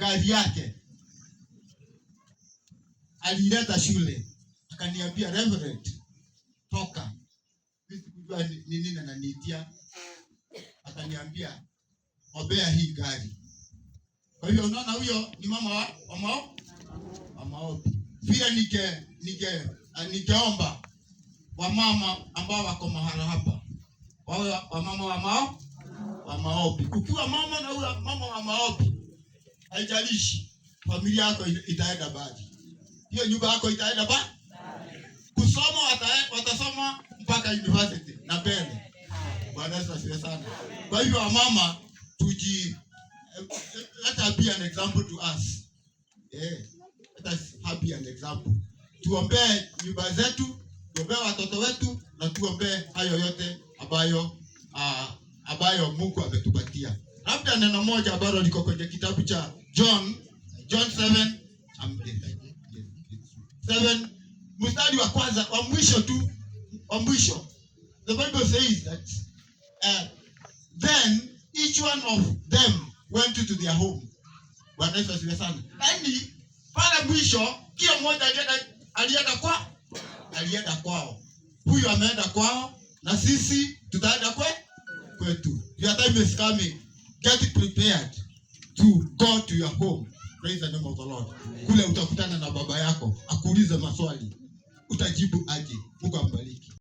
gari yake, alileta shule, akaniambia Reverend, toka. Sikujua ni nini ananiitia, akaniambia obea hii gari. Kwa hivyo unaona, huyo ni mama wa mama wa maombi pia. Nike nike ah, nikeomba wamama ambao wako mahala hapa wawe wamama wa mao wa maombi. Ukiwa mama na huyo mama wa maombi haijalishi familia yako itaenda mbali, hiyo nyumba yako itaenda ba Kusoma watasoma mpaka university na mbele. Bwana Yesu asifiwe sana. Kwa hivyo wamama, tuji let her be an example to us yeah. Let us be an example, tuombee nyumba zetu, tuombee watoto wetu, na tuombee hayo yote ambayo ah, ambayo Mungu ametupatia. Labda neno moja ambalo liko kwenye kitabu cha John, John 7, 7, mstari wa kwanza wa mwisho tu, wa mwisho. The Bible says that uh, then each one of them went to their home. Bwana Yesu asifiwe sana. Yaani pale mwisho kila mmoja alienda alienda kwa alienda kwao. Huyu ameenda kwao na sisi tutaenda kwe kwetu. Your time is coming. Get it prepared. to go to your home. Praise the name of the Lord. Kule utakutana na baba yako akuulize maswali, utajibu aje? Mungu ambariki.